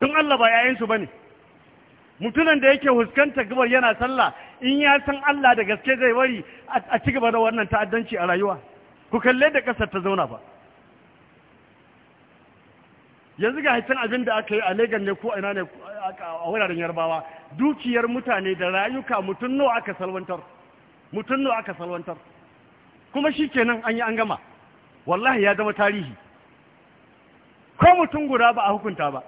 don Allah ba yayansu ba ne mutumin da yake huskanta gabar yana sallah in ya san Allah da gaske zai wari a ci gaba da wannan ta'addanci a rayuwa ku kalle da ƙasar ta zauna ba yanzu ga haifin abin da aka yi a legan ne ko ina ne a wuraren yarbawa dukiyar mutane da rayuka mutum nawa aka salwantar mutum nawa aka salwantar kuma shi kenan an yi an gama wallahi ya zama tarihi ko mutum guda ba a hukunta ba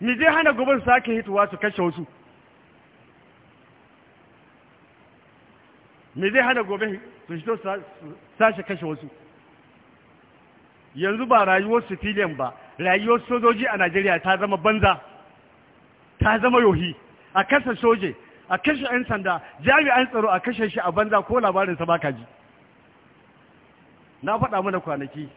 ni zai hana gobe su sake hituwa su kashe wasu ni zai hana gobe su to sashe kashe wasu yanzu ba rayuwar civilian ba rayuwar sojoji a najeriya ta zama banza ta zama yohi a kasa soje a kashe 'yan sanda jami'an tsaro a kashe shi a banza ko labarinsa ba ka ji na faɗa mana kwanaki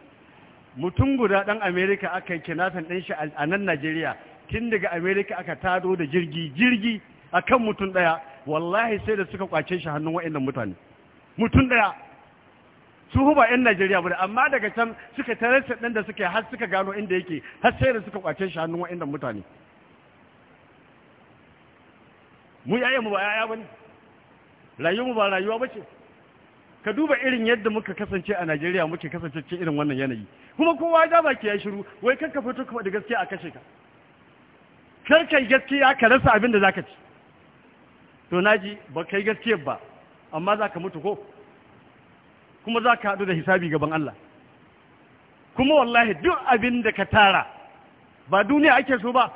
mutum guda ɗan amerika aka yi kinafin ɗin shi a nan najeriya tun daga Amerika aka tado da jirgi jirgi a kan mutum daya wallahi sai da suka kwace shi hannun wa'annan mutane mutum daya su ba 'yan Najeriya ba amma daga can suka tarasa ɗan da suka har suka gano inda yake har sai da suka kwace shi hannun wa'annan mutane mu yaya mu ba yaya bane rayuwar mu ba rayuwa bace ka duba irin yadda muka kasance a Najeriya muke kasance cikin irin wannan yanayi kuma kowa ya ke ya shiru wai kanka fito kuma da gaskiya a kashe ka kar kai gaskiya ka rasa abin da za ka ci to na ji ba kai gaskiya ba amma za ka mutu ko kuma za ka haɗu da hisabi gaban Allah kuma wallahi duk abin da ka tara ba duniya ake so ba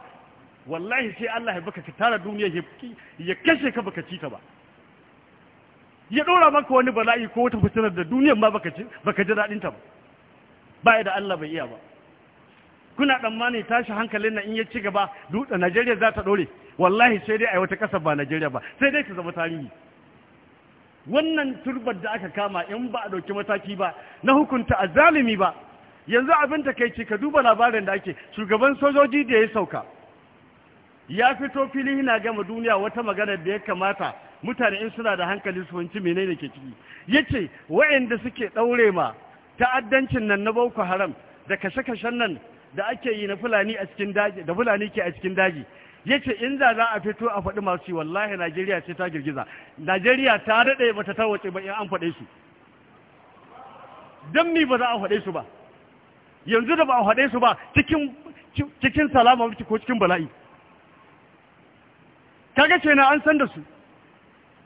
wallahi sai Allah ya baka ka tara duniya ya kashe ka baka ci ta ba ya ɗora maka wani bala'i ko wata fitinar da duniya ma baka ji daɗinta ba ba da Allah bai iya ba kuna tsammani tashi hankalin nan in ya ci gaba dutse Najeriya za ta dore wallahi sai dai a wata kasar ba Najeriya ba sai dai ta zama tarihi wannan turbar da aka kama in ba a dauki mataki ba na hukunta azalimi ba yanzu abin ta takeici ka duba labarin da ake shugaban sojoji da ya sauka ya fito fili yana gama duniya wata magana da ya kamata mutane in suna da hankali su wanci menene ke ciki yace waɗanda suke ɗaure ma ta'addancin nan na Boko Haram da kashe-kashen nan da ake yi na fulani a cikin daji da fulani ke a cikin daji yace in za za a fito a faɗi masu wallahi Najeriya ce ta girgiza Najeriya ta daɗe bata wace ba in an faɗe su dan mi ba za a faɗe su ba yanzu da ba a faɗe su ba cikin cikin salama ko cikin bala'i kaga ce na an san da su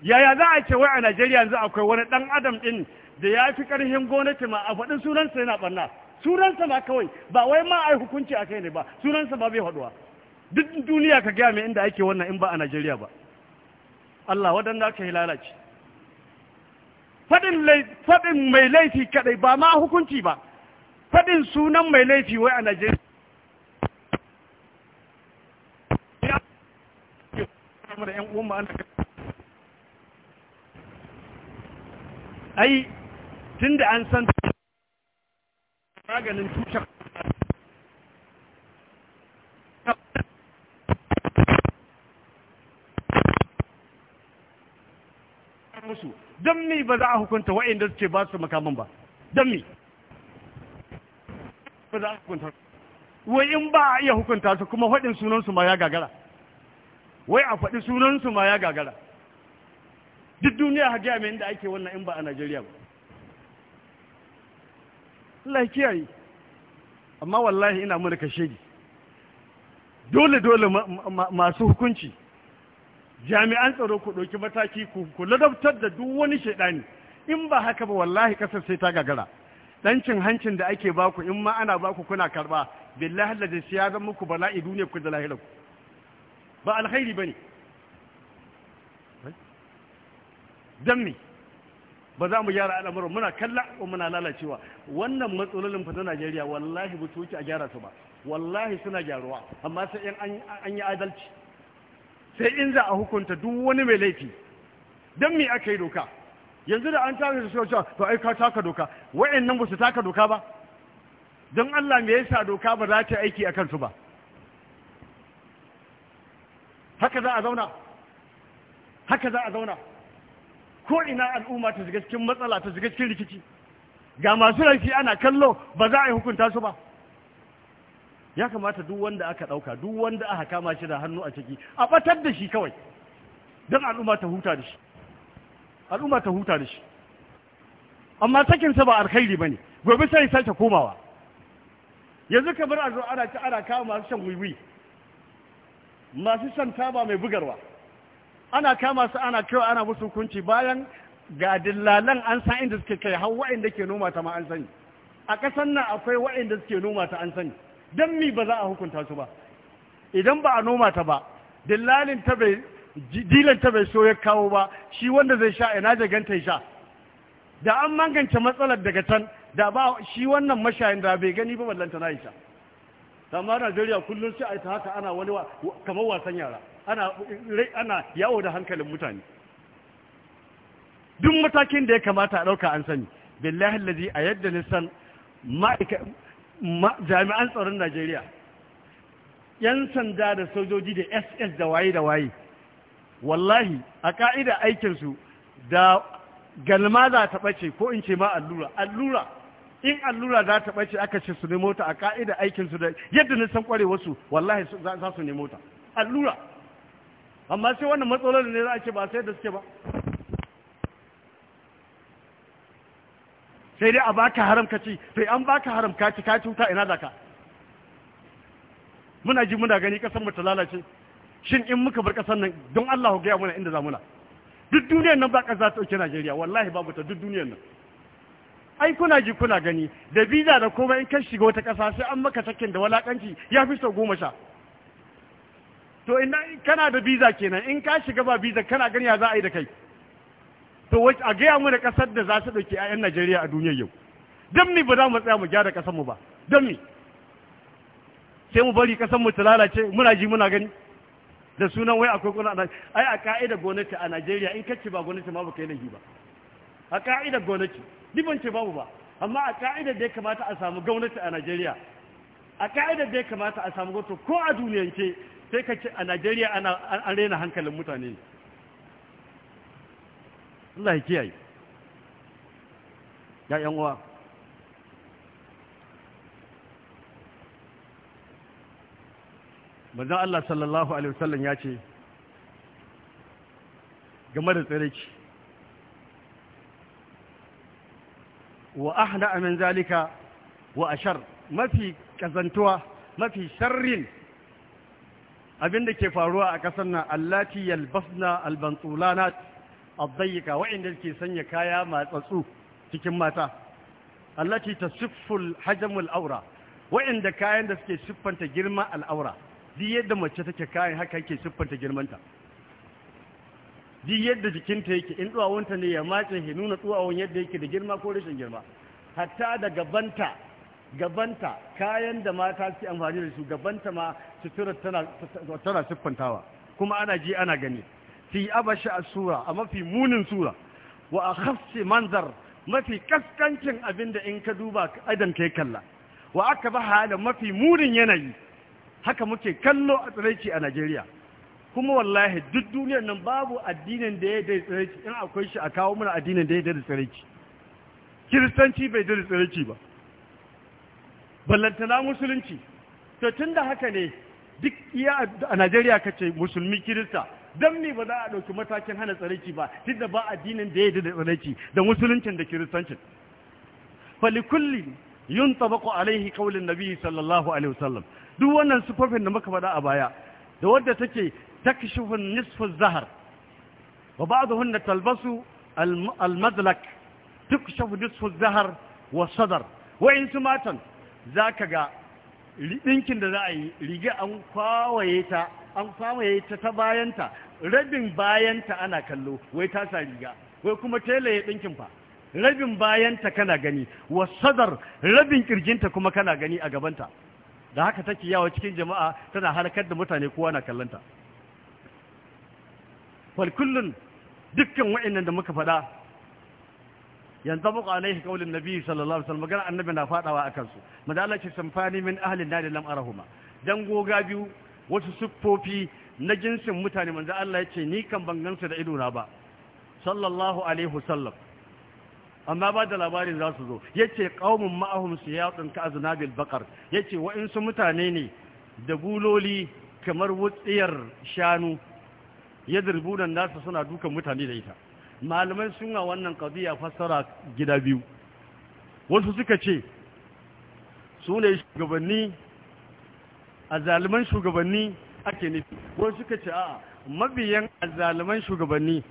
yaya za a ce wai a najeriya yanzu akwai wani ɗan adam ɗin da ya fi karhin gwamnati ma a faɗin sunansa yana ɓarna sunansa ma kawai ba wai ma ai hukunci a kai ne ba sunansa ba bai haduwa duk duniya ka gaya mai inda ake wannan in ba a Najeriya ba Allah waɗanda aka yi lalace faɗin mai laifi kaɗai ba ma hukunci ba faɗin sunan mai laifi wai a Najeriya ai tunda an san maganin tushen musu don mi ba za a hukunta wa'inda suke ba su makaman ba don mi ba za a hukunta wai in ba a iya hukunta su kuma faɗin sunansu ma ya gagara wai a faɗi sunansu ma ya gagara duk duniya hajiya mai inda ake wannan in ba a najeriya ba Allah ya kiyaye amma wallahi ina muna kashe dole dole masu hukunci jami'an tsaro ku ɗauki mataki ku ku ladabtar da duk wani shaidani in ba haka ba wallahi kasar sai ta gagara dancin hancin da ake baku in ma ana baku kuna karba billahi da siya zan muku bala'i duniya ku da lahirar ku ba alkhairi bane dan me ba za mu gyara al'amuran muna kalla ko muna lalacewa wannan matsalolin fata Najeriya wallahi ba su wuce a gyara su ba wallahi suna gyaruwa amma sai in an yi adalci sai in za a hukunta duk wani mai laifi don me aka yi doka yanzu da an tare da sojoji to ai ka taka doka wayannan ba su taka doka ba don Allah me yasa doka ba za ta aiki akan su ba haka za a zauna haka za a zauna ko ina al'umma ta shiga cikin matsala ta shiga cikin rikici ga masu laifi ana kallo ba za a yi hukunta su ba ya kamata duk wanda aka ɗauka duk wanda aka kama shi da hannu a ciki a batar da shi kawai don al'umma ta huta da shi al'umma ta huta da shi amma sakinsa ba alkhairi ba ne gobe sai sake komawa yanzu kamar a zo ana ci ana kama masu shan wiwi masu shan taba mai bugarwa ana kama su ana kyau ana musu hukunci bayan ga dillalan an san inda suke kai har da ke noma ta ma an sani a ƙasar nan akwai da suke noma ta an sani don mi ba za a hukunta su ba idan ba a noma ta ba dillalin ta bai dilan ta bai so ya kawo ba shi wanda zai sha ina ganta ya sha da an magance matsalar daga can da ba shi wannan mashayin da bai gani ba ballanta na ya sha amma Najeriya kullum sai a ta haka ana wani kamar wasan yara ana ana yawo da hankalin mutane duk matakin da ya kamata a ɗauka an sani billahi allazi a yadda nisan jami'an tsaron Najeriya yan sanda da sojoji da SS da waye da waye wallahi a ka'ida aikinsu da galma za ta ɓace ko in ce ma allura allura in allura za ta ɓace aka ce su ne mota a ka'ida aikinsu da yadda na san ƙwarewarsu wallahi za su ne mota allura amma sai wannan matsalolin ne za a ce ba sai da suke ba sai dai a baka haram ka ci sai an baka haram ka ci ka wuta ina zaka muna ji muna gani kasar mu ta lalace shin in muka bar kasar nan don Allah ku ga muna inda za zamuna duk duniyar nan ba za ta ɗauke Najeriya wallahi babu ta duk duniyar nan ai kuna ji kuna gani da visa da komai in kan shiga wata ƙasa sai an maka sakin da walakanci ya fi sau goma sha to ina kana da visa kenan in ka shiga ba visa kana gani ya za a yi da kai to wace a gaya mana kasar da za su ɗauki yan Najeriya a duniyar yau don ni ba za mu tsaya mu gyara kasar mu ba don ni sai mu bari kasar mu ta lalace muna ji muna gani da sunan wai akwai kuna ai a ka'ida gwamnati a Najeriya in kace ba gwamnati ma baka yi laifi ba a ka'ida gwamnati ban ce babu ba amma a ka'ida da ya kamata a samu gwamnati a Najeriya a ka'ida da ya kamata a samu gwamnati ko a duniyance sai ka ce a najeriya an rena hankalin mutane Allah ya kiyaye ya yan uwa Allah sallallahu alaihi wasallam ya ce game da tsireci wa ahda min zalika wa ashar mafi kazantuwa mafi sharrin abinda ke faruwa a ƙasar nan allati yalbasna albantsulanat addayyika wa'inda ke sanya kaya matsatsu cikin mata allati tasifful hajamul aura wa'inda kayan da suke siffanta girman al'aura duk yadda mace take kayan haka yake siffanta girmanta duk yadda jikinta yake in duwawunta ne ya mace ya nuna duwawun yadda yake da girma ko rashin girma hatta da gabanta gabanta kayan da mata suke amfani da su gabanta ma sutura tana siffantawa kuma ana ji ana gani fi abasha a sura a mafi munin sura wa a manzar mafi kaskancin abinda in ka duba adan ka kalla wa aka ba hala mafi munin yanayi haka muke kallo a tsiraici a Najeriya kuma wallahi duk duniyar nan babu addinin da ya dai tsiraici in akwai shi a kawo mana addinin da ya dai tsiraici kiristanci bai dai tsiraici ba ballantana musulunci to tun da haka ne duk iya a najeriya ka ce musulmi kirista don me ba za a ɗauki matakin hana tsaraici ba duk da ba addinin da ya da tsaraici da musuluncin da kiristancin falikulli yun tabaku alaihi kaulin nabi sallallahu alaihi wasallam duk wannan sufafin da muka faɗa a baya da wadda take takshifun nisfin zahar wa ba'dhun talbasu al-madlak tukshafu nisfin zahar wa sadar wa in matan za ka ga ɗinkin da za a yi riga an kwawaye ta an kwawaye ta ta bayanta rabin bayanta ana kallo wai ta sa riga wai kuma telaye ɗinkin fa rabin bayanta kana gani wasadar rabin kirjinta kuma kana gani a gabanta da haka take yawa cikin jama'a tana harkar da mutane kowa na kallanta fal kullun dukkan wa'annan da muka faɗa ينطبق عليه قول النبي صلى الله عليه وسلم قال النبي نا فادوا اكنسو مدالك سنفاني من اهل النار لم ارهما dango ga biyu wasu siffofi na jinsin mutane manzo Allah yace ni kan ban su da ido na ba sallallahu alaihi wasallam amma ba da labarin za su zo yace qaumun ma'ahum siyatun ka aznabil baqar yace wa in su mutane ne da buloli kamar wutsiyar shanu yadribuna nasu suna dukan mutane da ita malaman suna wannan kaziya fassara gida biyu wasu suka ce su ne shugabanni a zaluman shugabanni ake nufi wasu suka ce a'a mabiyan azaliman shugabanni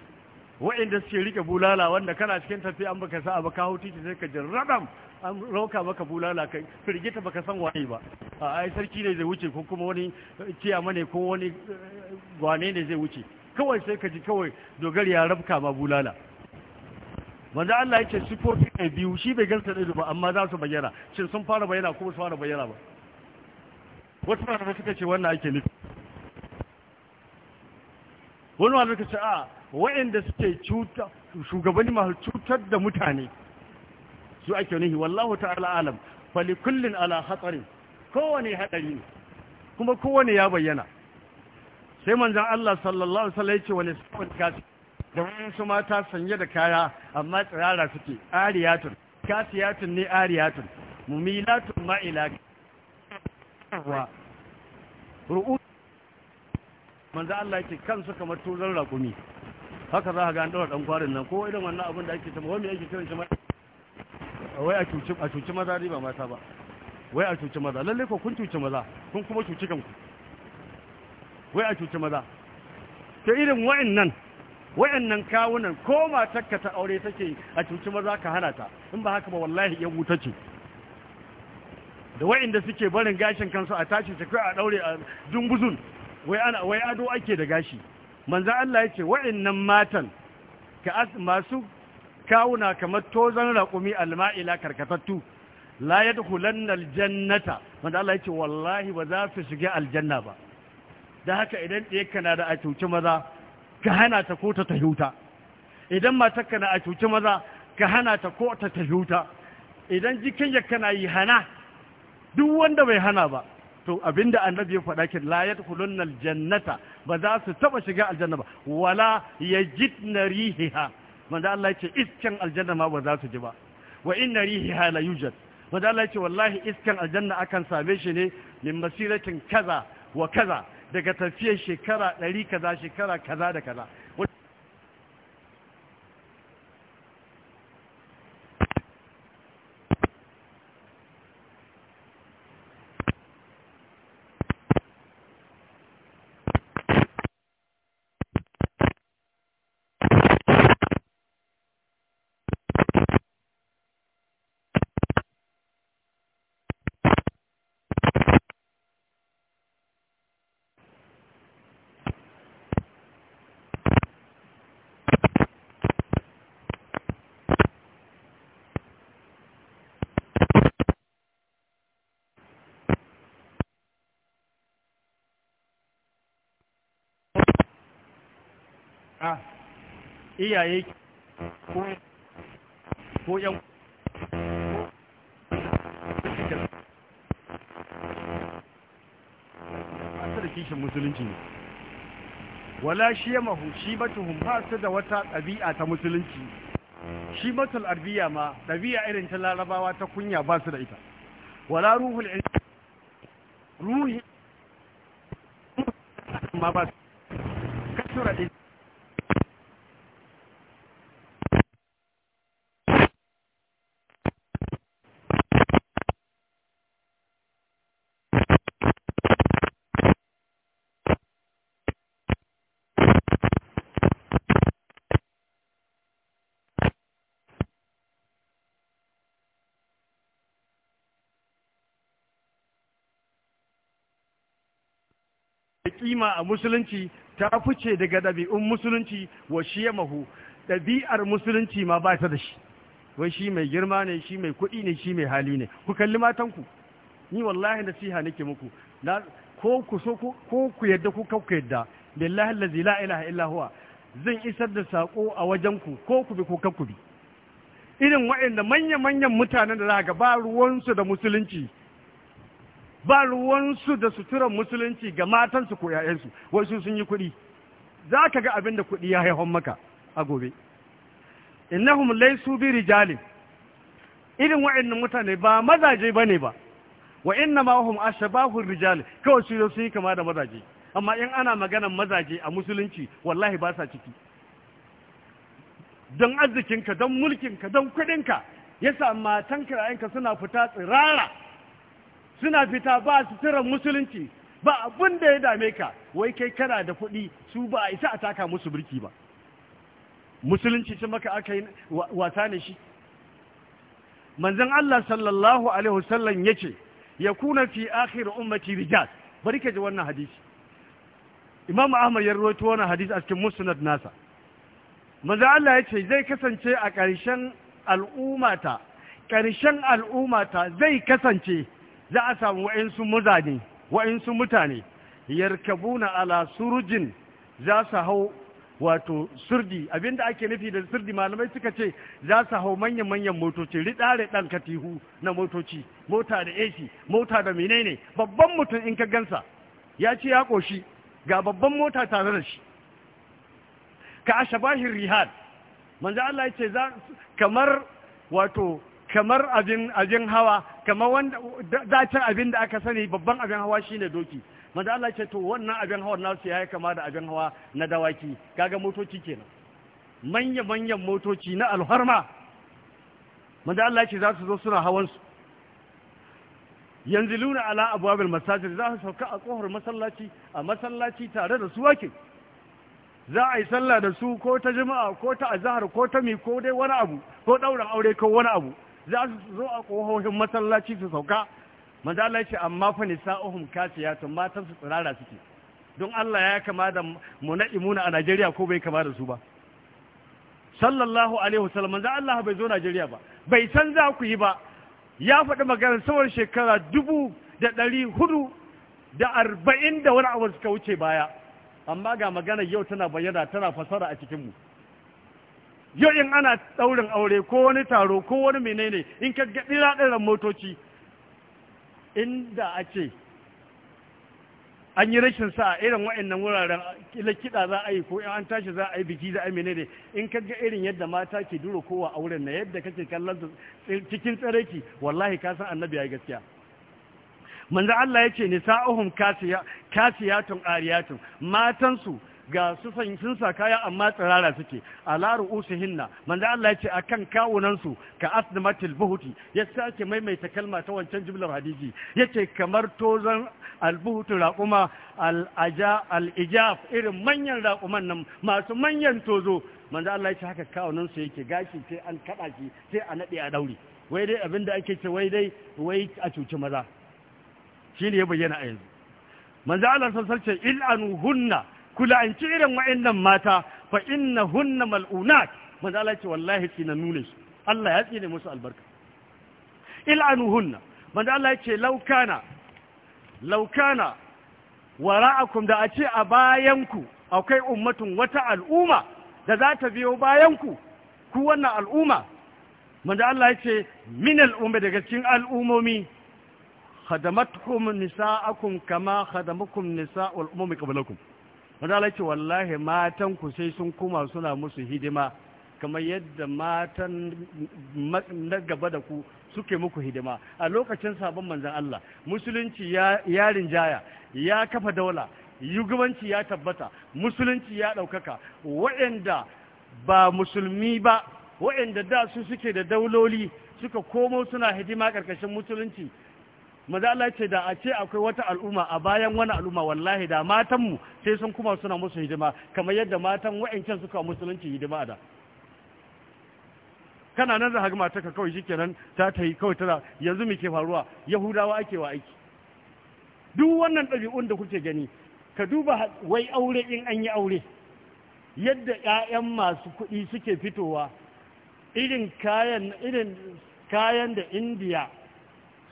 wa'inda suke rike bulala wanda kana cikin tafi an baka sa baka kawo titi sai ka jin radam an rauka maka bulala kai firgita baka san waye ba a ai sarki ne zai wuce ko kuma wani kiyama ne ko wani gwane eh, ne zai wuce kawai sai ka ji kawai dogari ya rabka ma bulala wanda Allah yake sifofi ne biyu shi bai gansa da ba amma za su bayyana shi sun fara bayyana kuma su fara bayyana ba wasu da suka ce wannan ake nufi wani malamai suka ce a waɗanda suke shugabanni masu cutar da mutane su ake nufi wallahu ta'ala alam falikullin ala hatsarin kowane hadari ne kuma kowane ya bayyana sai manzan Allah sallallahu alaihi ce wani sa'ud kasi da wani su mata sanye da kaya amma tsirara suke ariyatun kasiyatun ne ariyatun mumilatun ma'ila wa ru'u manzan Allah yake kansu kamar tuzon rakumi haka za ka ga an dora dan kwarin nan ko irin wannan abin da ake tama wani yake kiran ma wai a cuci a cuci maza riba mata ba wai a cuci maza lalle ko kun cuci maza kun kuma cuci kanku wai a cuci maza ta irin wa'annan wa'annan kawunan ko matakka ta aure take a cuci maza ka hana ta in ba haka ba wallahi ya wuta ce da wa'anda suke barin gashin kansu a tashi su kai a daure a dumbuzun wai ana wai ado ake da gashi manzo Allah ya ce wa'annan matan ka masu kawuna kamar tozan raƙumi alma'ila karkatattu la yadkhulanna aljannata manzo Allah ya wallahi ba za su shiga aljanna ba da haka idan ɗaya na da a cuci maza ka hana ta ko ta ta huta idan matarka na a cuci maza ka hana ta ko ta ta huta idan jikin yakka na yi hana duk wanda bai hana ba to abinda annabi ya faɗa kin la yadkhulunna aljannata ba za su taba shiga aljanna ba wala yajidna rihiha manzo Allah yace iskan aljanna ma ba za su ji ba wa inna rihiha la yujad manzo Allah yace wallahi iskan aljanna akan same shi ne min masiratin kaza wa kaza daga tafiyar shekara ɗari kaza shekara kaza da kaza a iyaye ko ko yan da kishin musulunci ne wala shi ya mahu shi batuhun ba su da wata ɗabi'a ta musulunci shi batul arbiya ma ɗabi'a irin ta larabawa ta kunya ba su da ita wala ruhul ilmi ruhi ma ba su kasura ɗin kima a musulunci ta fice daga ɗabi'un musulunci wa shi ya mahu ɗabi'ar musulunci ma ba ta da shi wai shi mai girma ne shi mai kuɗi ne shi mai hali ne ku kalli matanku ni wallahi nasiha nake muku na ko ku so ko ku yadda ku ku yadda billahi allazi la ilaha illa huwa zan isar da sako a wajen ku ko ku bi ko kakku bi irin waɗanda manya-manyan mutanen da zaka ga ba su da musulunci ba ruwansu da suturan musulunci ga matansu ko ‘ya'yansu wasu sun yi kuɗi za ka ga abin da kuɗi ya haihon maka a gobe innahum su bi rijali. irin wa'annan mutane ba mazaje ba ne ba wa inna ma hum ashbahu rijali, kawai su sun yi kama da mazaje amma in ana maganan mazaje a musulunci wallahi ba sa ciki don arzikinka don mulkinka don kuɗinka ya sa matan kira'inka suna fita tsirara suna fita ba suturar musulunci ba abin da ya dame ka wai kai kana da kuɗi su ba a isa a taka musu birki ba musulunci sun maka aka yi wasa ne shi manzon Allah sallallahu alaihi wasallam yace ya kuna fi akhir ummati rijal bari ka ji wannan hadisi Imam Ahmad ya rawaito wannan hadisi a cikin Musnad nasa manzon Allah yace zai kasance a ƙarshen al'ummata ƙarshen al'ummata zai kasance za a samu wa'insu muzane wa'insu mutane yarkabuna ala surujin za su hau wato surdi abinda ake nufi da surdi malamai suka ce za su hau manyan-manyan motoci riɗa dan katihu na motoci mota da ac mota da menene babban mutum in ka gansa ya ce ya ƙoshi ga babban mota tare da shi ka ashabahin rihad manzo Allah ya ce kamar wato kamar abin abin hawa kamar wanda dacin abin da aka sani babban abin hawa shine doki manzo Allah ce to wannan abin hawa su yayi kama da abin hawa na dawaki kaga motoci kenan manya manyan motoci na alharma manzo Allah ce za su zo suna hawan su yanziluna ala abwabil masajid za su sauka a kohar masallaci a masallaci tare da su wake za a yi sallah da su ko ta jama'a ko ta azhar ko ta mi ko dai wani abu ko daura aure ko wani abu za su zo a ƙohohin masallaci su sauka manzo amma fa nisa'uhum kasiyatun matan su tsirara suke don Allah ya kama da imuna a Najeriya ko bai kama da su ba sallallahu alaihi wasallam manzo Allah bai zo Najeriya ba bai san za ku yi ba ya faɗi maganar tsawon shekara dubu da ɗari hudu da arba'in da wani abu suka wuce baya amma ga maganar yau tana bayyana tana fasara a cikinmu yau in ana ɗaurin aure ko wani taro ko wani menene in ka ga ɗira motoci inda a ce an yi rashin sa a irin wa'annan wuraren kila kiɗa za a yi ko in an tashi za a yi biki za a yi menene in ka ga irin yadda mata ke duro kowa auren na yadda kake kallon eh, cikin tsareki wallahi ka san annabi ya yi gaskiya manzo Allah ya ce nisa'uhum kasiyatun ariyatun matansu ga su sun sa kaya amma tsirara suke ala ru'usihinna manzo Allah yace akan kawunan su ka asnamatil buhuti ya sake maimaita kalma ta wancan jumlar hadisi yace kamar tozan albuhutu raquma al-aja irin manyan raquman nan masu manyan tozo manzo Allah yace haka kawunan su yake gashi sai an kada shi sai a nade a daure wai dai abinda ake ce wai dai wai a cuci maza shine ya bayyana a yanzu manzo Allah sallallahu alaihi wasallam anuhunna ku la'anci irin wa'annan mata fa innahunna mal'unat manzo Allah ce wallahi kina nune su Allah ya tsine musu albarka il'anuhunna manzo Allah ya ce law laukana, law kana wara'akum da a ce a bayanku akwai ummatun wata al'umma da za ta biyo bayanku ku wannan al'umma manzo Allah ya ce min al'umma daga cikin al'umomi khadamatkum nisa'akum kama khadamakum nisa'ul ummi qablakum wadala ce wallahi matan ku sai sun kuma suna musu hidima kamar yadda matan na gaba da ku suke muku hidima a lokacin sabon manzan Allah musulunci ya rinjaya ya kafa daula yugabanci ya tabbata musulunci ya ɗaukaka waɗanda ba musulmi ba waɗanda da su suke da dauloli suka komo suna hidima ƙarƙashin musulunci maza Allah ce da a ce akwai wata al'umma a bayan wani al'umma wallahi da matanmu sai sun kuma suna musu hidima kamar yadda matan wa'ancan suka musulunci hidima da kana nan da hagma ta matarka kawai kenan ta ta yi kawai tana yanzu mu ke faruwa yahudawa ake wa aiki duk wannan ɗabi'un da kuke gani ka duba wai aure in an yi aure yadda ƴaƴan masu kuɗi suke fitowa irin kayan irin kayan da indiya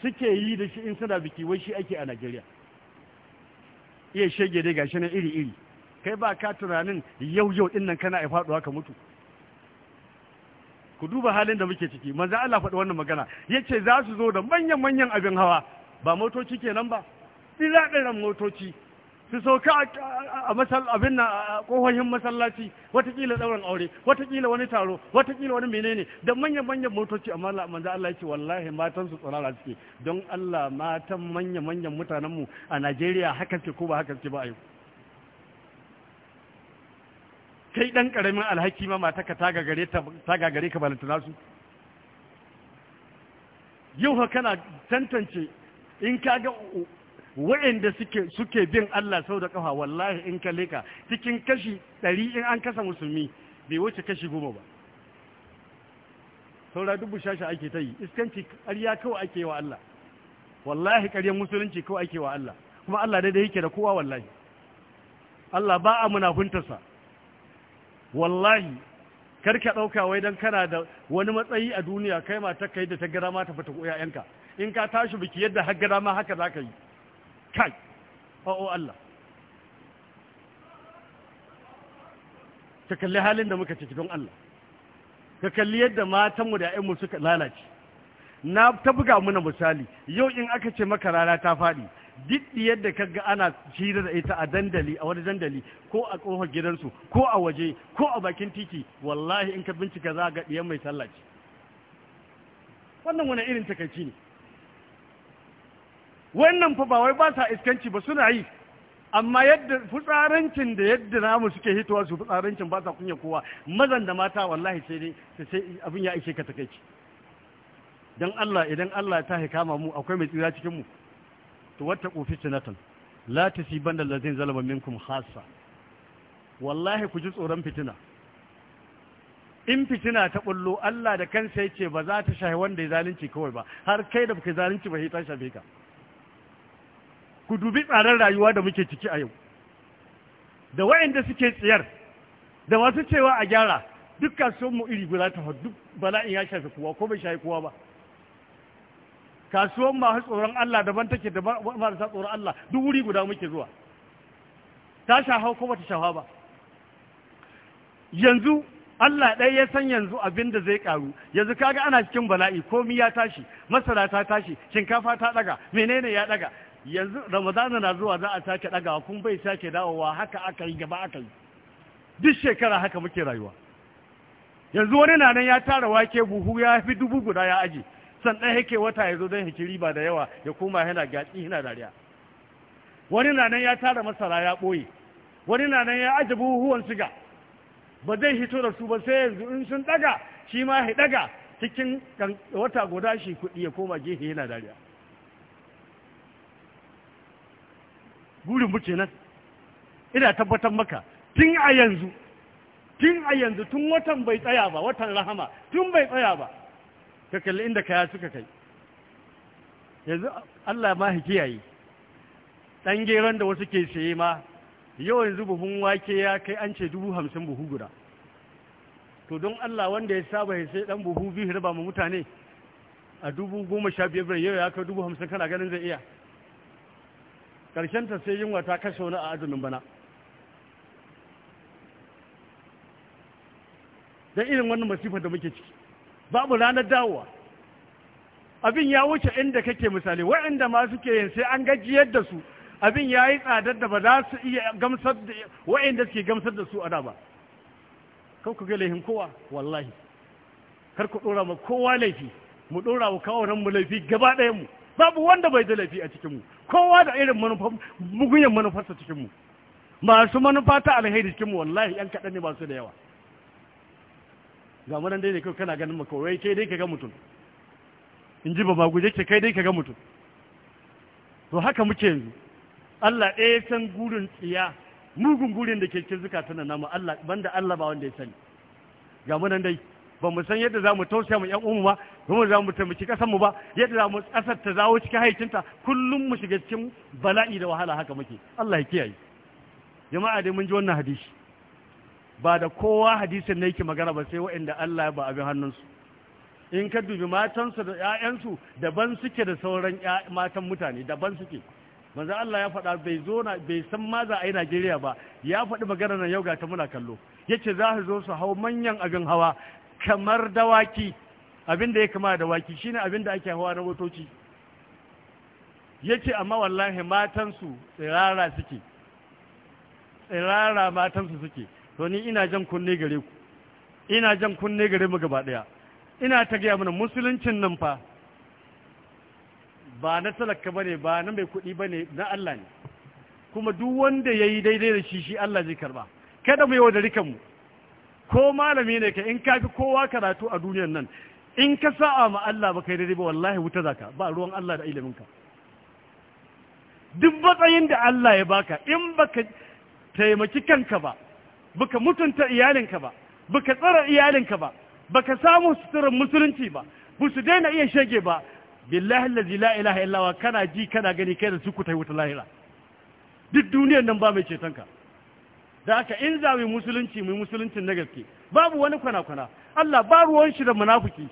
suke yi da shi in suna biki wai shi ake a Najeriya iya shege dai gashi na iri-iri kai ba ka tunanin yau yau din nan kana faɗuwa ka mutu ku duba halin da muke ciki manzo Allah faɗi wannan magana yace za su zo da manyan manyan abin hawa ba motoci kenan ba tsiraɗiran motoci su sauka a abin na kohohin masallaci watakila ɗauran aure watakila wani taro watakila wani menene da manya-manyan motoci amma manzo Allah ya ce wallahi matan su tsorara suke don Allah matan manya-manyan mutanenmu a Najeriya haka ce ko ba haka ce ba a yau kai ɗan ƙaramin alhaki ma mata ka gare ka balantana su yau kana tantance in ka ga Wa'inda suke suke bin Allah sau da kafa wallahi in ka cikin kashi 100 in an kasa musulmi bai wuce kashi 10 ba saura dubu shasha ake ta yi iskanci ƙarya kawai ake wa Allah wallahi ƙarya musulunci kawai ake wa Allah kuma Allah dai da yake da kowa wallahi Allah ba a munafuntarsa wallahi karka ɗauka wai don kana da wani matsayi a duniya kai ma ta kai da ta gara ma ta fita ko ‘ya'yanka in ka tashi biki yadda har gara ma haka za ka yi kai o oh, oh, Allah ka kalli halin da muka ciki don Allah ka kalli yadda matanmu da ‘yanmu suka lalace na ta buga muna misali yau in aka ce maka rana ta faɗi diddi yadda ka ga ana shira da ita a dandali a wani dandali ko a ƙofar gidansu ko a waje ko a bakin titi wallahi in ka bincika za ga ɗiyan mai sallaci wannan wani irin takaici ne wannan fa ba wai ba sa iskanci ba suna yi amma yadda fitsarancin da yadda namu suke hitowa su fitsarancin ba sa kunya kowa mazan da mata wallahi sai dai sai abin ya ishe ka takeici dan Allah idan Allah ta kama mu akwai mai tsira cikin mu to wata kofi tinatan la tasiban allazin zalama minkum khassa wallahi ku ji tsoron fitina in fitina ta bullo Allah da kansa yace ba za ta shahi wanda ya zalunci kawai ba har kai da kai zalunci ba hita ta shafe ka ku dubi tsarin rayuwa da muke ciki a yau da waɗanda suke tsayar da masu cewa a gyara duk mu iri guda ta duk bala'in ya shafi kowa ko bai shafi kowa ba kasuwan masu tsoron Allah daban take da marasa tsoron Allah duk wuri guda muke zuwa ta shafa ko bata shafa ba yanzu Allah ɗaya ya san yanzu abin da zai ƙaru yanzu kaga ana cikin bala'i komi ya tashi masara ta tashi shinkafa ta ɗaga menene ya ɗaga yanzu ramadana na zuwa za a sake ɗagawa kun bai sake dawowa haka aka yi gaba aka yi duk shekara haka muke rayuwa yanzu wani na nan ya tara wake buhu ya fi dubu guda ya aji sannan yake wata ya zo don hiki riba da yawa ya koma yana gaci yana dariya wani na nan ya tara masara ya ɓoye wani na nan ya aje buhuwan siga ba zai hito da su ba sai yanzu in sun daga shi ma ya ɗaga cikin wata guda shi kuɗi ya koma gefe yana dariya burin mu kenan ina tabbatar maka tun a yanzu tun a yanzu tun watan bai tsaya ba watan rahama tun bai tsaya ba ka kalli inda kaya suka kai yanzu Allah ma yayi dan geron da wasu ke saye ma yau yanzu buhun wake ya kai an ce dubu hamsin buhu guda to don Allah wanda ya saba ya sai dan buhu biyu riba mu mutane a dubu goma sha biyar yau ya kai dubu hamsin kana ganin zai iya ta sai yunwa ta kashe wani a azumin bana don irin wannan masifar da muke ciki babu ranar dawowa abin ya wuce inda kake misali waɗanda ma suke yin sai an gajiyar da su abin ya yi tsadar da ba za su iya gamsar da waɗanda suke gamsar da su a da ba kar ku ga laifin kowa wallahi kar ku ɗora ma kowa laifi mu ɗora wa kawo mu laifi gaba ɗayan mu babu wanda bai da lafiya a cikinmu kowa da irin manufa mugunyan manufarsa cikinmu masu manufa ta alheri cikinmu wallahi yan kaɗan ne masu da yawa ga manan dai ne kai kana ganin maka wai kai dai ka ga mutum in ji ba ma guje ke kai dai ka ga mutum to haka muke yanzu Allah ɗaya san gurin tsiya mugun gurin da ke cikin zukatan nan namu Allah banda Allah ba wanda ya sani ga manan dai ba mu san yadda za mu tausaya mu ƴan umu ba kuma za mu taimaki ƙasar mu ba yadda za mu ƙasar ta zawo cikin haicinta kullum mu shiga cikin bala'i da wahala haka muke Allah ya kiyaye jama'a dai mun ji wannan hadisi ba da kowa hadisin ne yake magana ba sai waɗanda Allah ba abin hannunsu in ka dubi matansu da ƴaƴansu daban suke da sauran matan mutane daban suke manzo Allah ya faɗa bai zo na bai san ma za a yi Najeriya ba ya faɗi magana nan yau ga ta muna kallo yace za su zo su hau manyan abin hawa kamar dawaki abin da ya kama da waki shine abin da ake hawa na motoci yace amma wallahi matansu tsirara suke tsirara matansu suke to ni ina jan kunne gare ku ina jan kunne gare mu gaba daya ina ta gaya mana musuluncin nan fa ba na talaka bane ba na mai kuɗi bane na Allah ne kuma duk wanda yayi daidai da shi shi Allah zai karba kada mu yi wa da mu ko malami ne ka in kafi kowa karatu a duniyan nan in ka sa'a ma Allah ba kai daidai ba wallahi wuta zaka ba ruwan Allah da iliminka duk matsayin da Allah ya baka in baka taimaki kanka ba baka mutunta iyalinka ba baka tsara iyalinka ba baka samu suturar musulunci ba ba su daina iya shege ba billahi allazi la ilaha illawa kana ji kana gani kai da su ku tayi wuta lahira duk duniyan nan ba mai ka. da aka in za mu musulunci mu musulunci na gaske babu wani kwana-kwana Allah ba ruwan shi da munafiki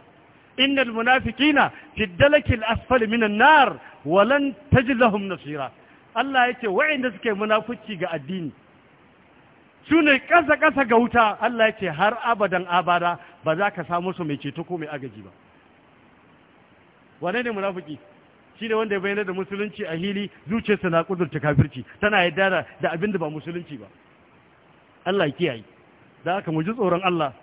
innal munafiqina fi dalakil asfali minan nar walan tajid lahum nasira Allah yake wa'inda suke munafici ga addini su ne kasa kasa ga wuta Allah yake har abadan abada ba za ka samu su mai ceto ko mai agaji ba wane ne munafiki shi ne wanda ya bayyana da musulunci a hili zuciyarsa na kudurta kafirci tana yadda da abinda ba musulunci ba Allah kiyaye da aka mu tsoron Allah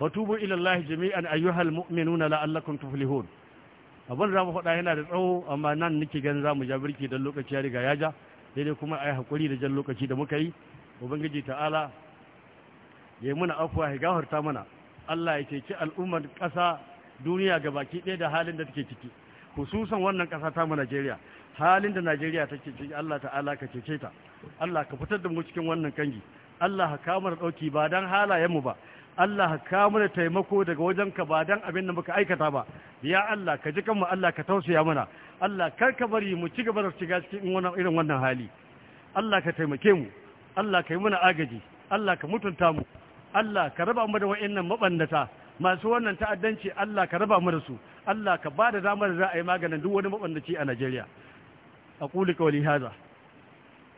wa tubu ila Allah jami'an ayyuhal mu'minuna la'allakum tuflihun abin da mu faɗa yana da tsawo amma nan nake ganin zamu ja birki dan lokaci ya riga ya ja daidai kuma ayi hakuri da jan lokaci da muka yi ubangiji ta'ala ya yi muna afuwa ya gafarta mana Allah ya ceci al'ummar ƙasa duniya ga baki ɗaya da halin da take ciki hususan wannan ƙasa ta Najeriya halin da Najeriya take ciki Allah ta'ala ka cece ta Allah ka fitar da mu cikin wannan kangi Allah ka mana dauki ba dan halayenmu ba Allah ka mana taimako daga wajenka ba dan abin da muka aikata ba ya Allah ka ji kanmu Allah ka tausaya mana Allah kar ka bari mu ci gaba da shiga cikin irin wannan hali Allah ka taimake mu Allah ka yi mana agaji Allah ka mutunta mu Allah ka raba mu da wa'annan mabandata masu wannan ta'addanci Allah ka raba mu da su Allah ka ba da damar za a yi maganin duk wani mabandaci a Najeriya aqulu qawli hadha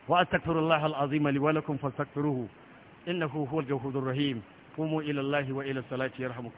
وأستغفر الله العظيم لي ولكم فاستغفروه إنه هو الجوهد الرحيم قوموا إلى الله وإلى الصلاة يرحمكم